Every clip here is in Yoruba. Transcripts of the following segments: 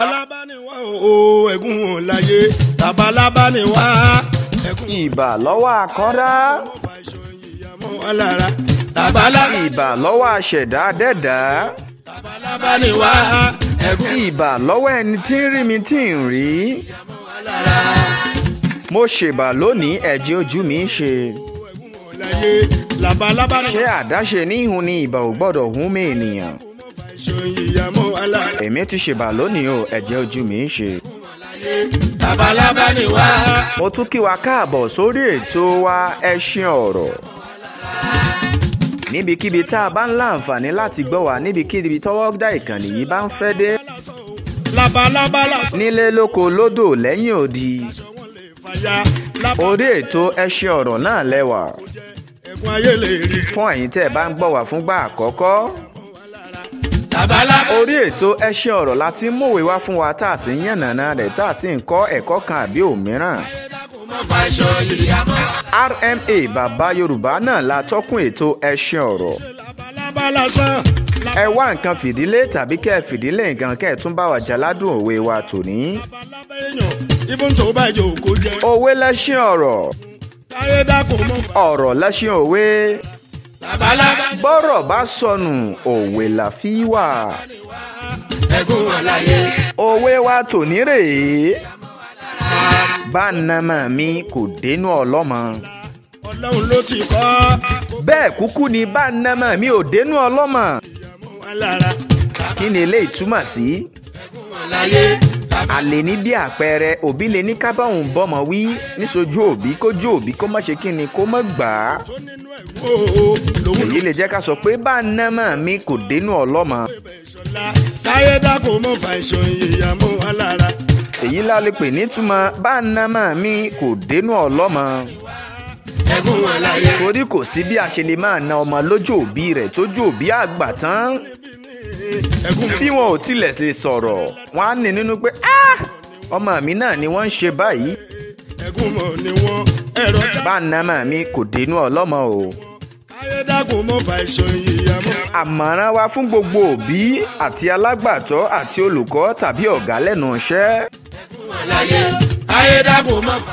tabalaba ni wá o ẹ̀gún ò láyé tabalaba ni wá. ìbà lọ́wọ́ àkọ́dá. tabalaba. ìbà lọ́wọ́ àṣẹ̀dá dẹ́dá. ìbà lọ́wọ́ ẹni tí ń rí mi tí ń rí. mo ṣèbà lónìí ẹ̀jẹ̀ ojú mi ń ṣe. ṣé àdáṣe ní ìhun ni ìbà ò gbọ́dọ̀ hún mi ènìyàn èmi ti ṣèbà lónìí o ẹ̀jẹ̀ ojú mi ń ṣe. babalábá ni wá. mo tún kí wa káàbọ̀ sórí ètò wa ẹṣin ọ̀rọ̀ níbikíbi tá a bá ń láǹfààní láti gbọ́ wa níbikíbi tọ́wọ́ dá ìkànnì yìí bá ń fẹ́ dé. labalábá lásán. nílé lóko lódò lẹ́yìn odi. orí ètò ẹṣin ọ̀rọ̀ náà lẹ́wà. fún ẹ̀yin tẹ́ ẹ bá ń gbọ́ wa fúngbà àkọ́kọ́ tàbálà. orí ètò ẹṣin ọ̀rọ̀ la ti wá fún wa tá a sì ń yànnàná rẹ̀ tá a sì ń kọ́ ẹ̀kọ́ kan àbí òmíràn. RMA bàbá Yorùbá náà la tọ́kùn ètò ẹṣin ọ̀rọ̀. ẹ wá nǹkan fìdílé tàbí kẹ́ ẹ fìdílé nǹkan kẹ́ ẹ tún bá wa jaládùn òwe wa tòní. òwe lẹ́ṣin ọ̀rọ̀ ọ̀rọ̀ lẹ́ṣin òwe bọ́rọ̀ bá sọnù òwe la fi wà. ẹ̀gún àlàyé. òwe wa tòní rèé. bá mi kò dénú ọlọ́mọ. ọlọ́run ló ti kọ́. bẹ́ẹ̀ kúkú ni bá mi ò dénú ọlọ́mọ. kí ni eléyìí túmọ̀ sí. ẹ̀gún àlàyé àlè ní bí àpẹẹrẹ òbí lè ní kábàáhùn bọ́mọ wí níṣojú òbí kójú òbí kó má ṣe kí ni kó má gbà á. èyí lè jẹ́ ká sọ pé bá a ná mọ̀ mi kò dénú ọlọ́mọ. táyé dákò mo fà èyí la lè pè nítumọ̀ bá a ná mọ̀ mi kò dénú ọlọ́mọ torí kò sí bí a ṣe lè máa na ọmọ lójú òbí rẹ̀ tójú òbí àgbà tán bí wọn ò tilẹ̀ lè sọ̀rọ̀ wọn á ní nínú pé ah, ọmọ mi náà ni wọ́n ń ṣe báyìí. bá ń ná màmí kò dénú ọlọ́mọ o. àmọ̀ràn wa fún gbogbo òbí àti alágbàtọ́ àti olùkọ́ tàbí ọ̀gá lẹ́nu iṣẹ́.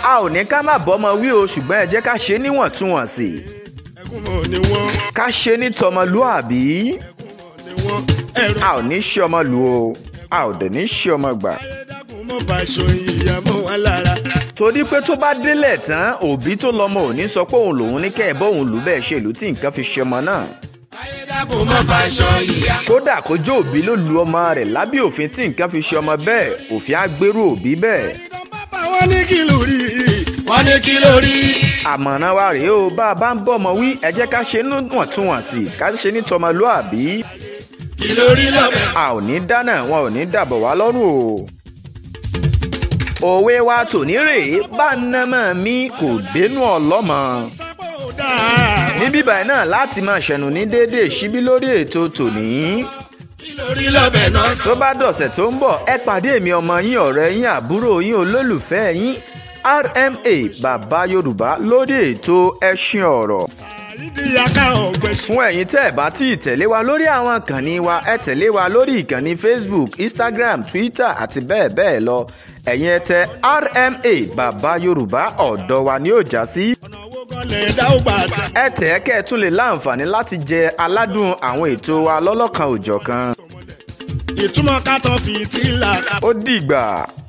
a ò ní ká má bọ́mọ wí o ṣùgbọ́n ẹ jẹ́ ká ṣe níwọ̀ntúnwọ̀nsì. ká ṣe ní tọmọlúàbí a ò ní ṣe ọmọ lù o a ò dẹ̀ ní ṣe ọmọ gbà. torí pé tó bá délẹ̀ tán òbí tó lọ́mọ ò ní sọ pé òun lòun ní kẹ́ ẹ̀ bóun lù bẹ́ẹ̀ ṣe ìlú tí nǹkan fi ṣe ọmọ náà kódà kó òbí ló lu ọmọ rẹ̀ lábẹ́ òfin tí nǹkan fi ṣe ọmọ bẹ́ẹ̀ òfin á gbérù òbí bẹ́ẹ̀. wọ́n ní kí ló rí wọ́n ní kí ló rí. àmọ̀ràn wa rèé o bá a bá ń bọ̀ ọmọ wí ẹ jẹ́ ká ṣe níwọ̀ntúnwọ̀nsì ká ṣe ní tọmọlúàbí kí lórí lọ́bẹ̀. a ò ní dáná wọn ò ní dàbọ̀ wá lọ́rùn o òwe wa tòní rèé bá nàmọ́ mi kò dénú ọlọ́mọ ní bíbá ẹ̀ náà láti máa ṣẹ̀nù ní déédéé síbí lórí ètò tòní tó bá dọ̀sẹ̀ tó ń bọ̀ ẹ pàdé mi ọmọ yín ọ̀rẹ́ yín àbúrò yín olólùfẹ́ yín RMA bàbá Yorùbá lórí ètò ẹṣin ọ̀rọ̀ fún ẹ̀yin tẹ́ ẹ̀ bá tí ì tẹ̀lé wa lórí àwọn ìkànnì wa ẹ tẹ̀lé wa lórí ìkànnì facebook instagram twitter àti bẹ́ẹ̀ bẹ́ẹ̀ lọ ẹ̀yin ẹ tẹ rma bàbá yorùbá ọ̀dọ́ wa ni ó já sí. ẹ tẹ̀ ẹ́ kẹ́ ẹ tún lè láǹfààní láti jẹ aládùn àwọn ètò wa lọ́lọ́kan òjọ̀kan. ìtumọ̀ ká tán fi tí là. ó dìgbà.